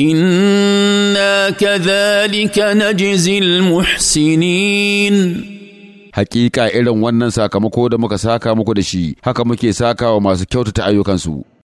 انا كذلك نجزي المحسنين Hakika irin wannan sakamako da muka saka muku da shi, haka muke saka wa masu kyautata ayyukansu.